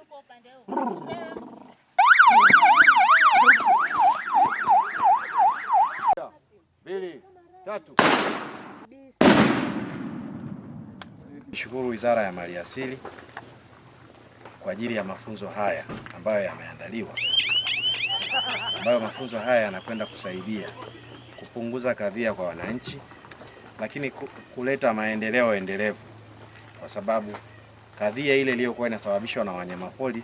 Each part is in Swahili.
yuko Nishukuru Wizara ya Maliasili kwa ajili ya mafunzo haya ambayo yameandaliwa, ambayo mafunzo haya yanakwenda kusaidia kupunguza kadhia kwa wananchi, lakini kuleta maendeleo endelevu kwa sababu kadhia ile iliyokuwa inasababishwa na wanyamapori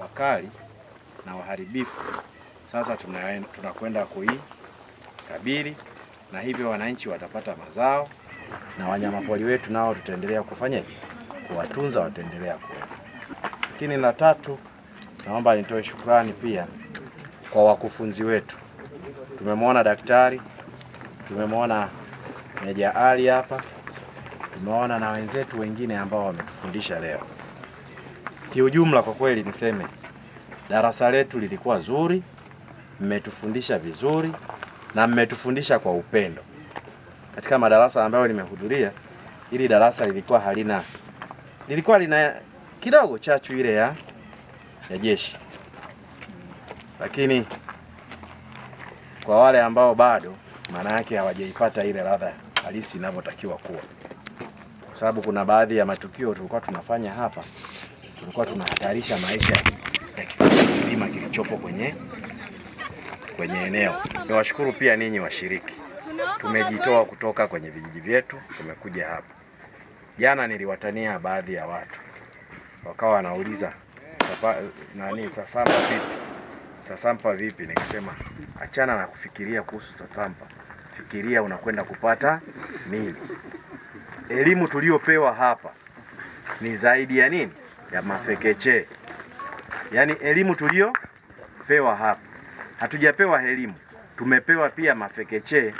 wakali na waharibifu, sasa tunakwenda kuikabili, na hivyo wananchi watapata mazao na wanyamapori wetu nao tutaendelea kufanyaje? Kuwatunza, wataendelea kuwepo. Lakini la tatu, naomba nitoe shukrani pia kwa wakufunzi wetu. Tumemwona daktari, tumemwona Meja Ali hapa tumeona na wenzetu wengine ambao wametufundisha leo. Kiujumla kwa kweli niseme darasa letu lilikuwa zuri, mmetufundisha vizuri na mmetufundisha kwa upendo. Katika madarasa ambayo nimehudhuria, ili darasa lilikuwa halina lilikuwa lina kidogo chachu ile ya, ya jeshi, lakini kwa wale ambao bado maana yake hawajaipata ile ladha halisi inavyotakiwa kuwa sababu kuna baadhi ya matukio tulikuwa tunafanya hapa, tulikuwa tunahatarisha maisha ya kikosi kizima kilichopo kwenye kwenye eneo. Niwashukuru pia ninyi washiriki, tumejitoa kutoka kwenye vijiji vyetu, tumekuja hapa. Jana niliwatania baadhi ya watu wakawa wanauliza nani Sasampa vipi? Sasampa vipi? Nikasema achana na kufikiria kuhusu Sasampa, fikiria unakwenda kupata nini elimu tuliyopewa hapa ni zaidi ya nini? Ya mafekeche. Yaani elimu tuliyopewa hapa, hatujapewa elimu, tumepewa pia mafekeche,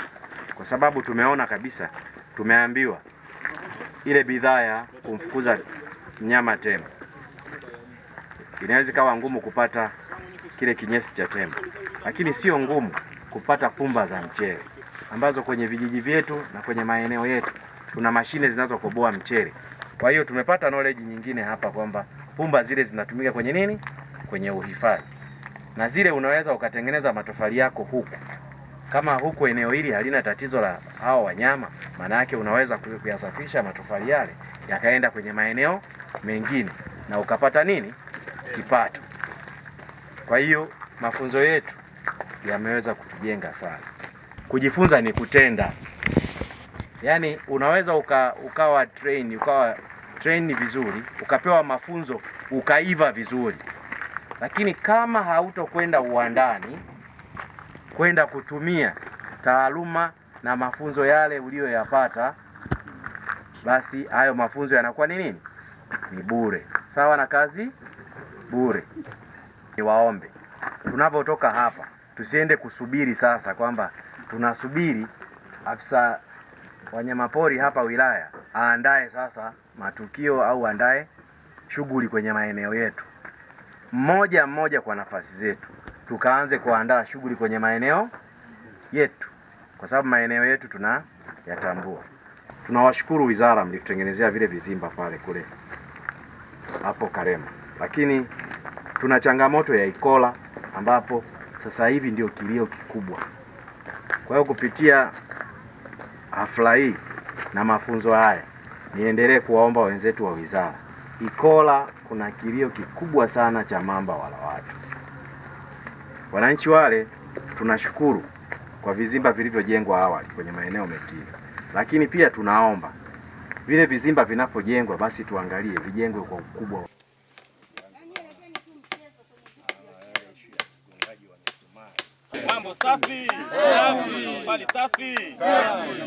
kwa sababu tumeona kabisa, tumeambiwa ile bidhaa ya kumfukuza mnyama tembo inaweza ikawa ngumu kupata kile kinyesi cha tembo, lakini sio ngumu kupata pumba za mchele ambazo kwenye vijiji vyetu na kwenye maeneo yetu tuna mashine zinazokoboa mchele. Kwa hiyo tumepata knowledge nyingine hapa kwamba pumba zile zinatumika kwenye nini, kwenye uhifadhi, na zile unaweza ukatengeneza matofali yako huku kama huku eneo hili halina tatizo la hao wanyama, maana yake unaweza kuyasafisha matofali yale yakaenda kwenye maeneo mengine na ukapata nini kipato. Kwa hiyo mafunzo yetu yameweza kutujenga sana. Kujifunza ni kutenda. Yaani unaweza uka, ukawa train ukawa train vizuri ukapewa mafunzo ukaiva vizuri, lakini kama hautokwenda uwandani kwenda kutumia taaluma na mafunzo yale uliyoyapata, basi hayo mafunzo yanakuwa ni nini? Ni bure, sawa na kazi bure. Niwaombe, tunavyotoka hapa tusiende kusubiri sasa kwamba tunasubiri afisa wanyamapori hapa wilaya aandae sasa matukio au aandae shughuli kwenye maeneo yetu, mmoja mmoja kwa nafasi zetu, tukaanze kuandaa shughuli kwenye maeneo yetu, kwa sababu maeneo yetu tuna yatambua Tunawashukuru wizara, mlitutengenezea vile vizimba pale kule hapo Karema, lakini tuna changamoto ya Ikola ambapo sasa hivi ndio kilio kikubwa. Kwa hiyo kupitia hafla hii na mafunzo haya, niendelee kuwaomba wenzetu wa wizara. Ikola kuna kilio kikubwa sana cha mamba wala watu. Wananchi wale tunashukuru kwa vizimba vilivyojengwa awali kwenye maeneo mengine, lakini pia tunaomba vile vizimba vinapojengwa basi tuangalie vijengwe kwa ukubwa. Mambo safi, safi, safi, safi.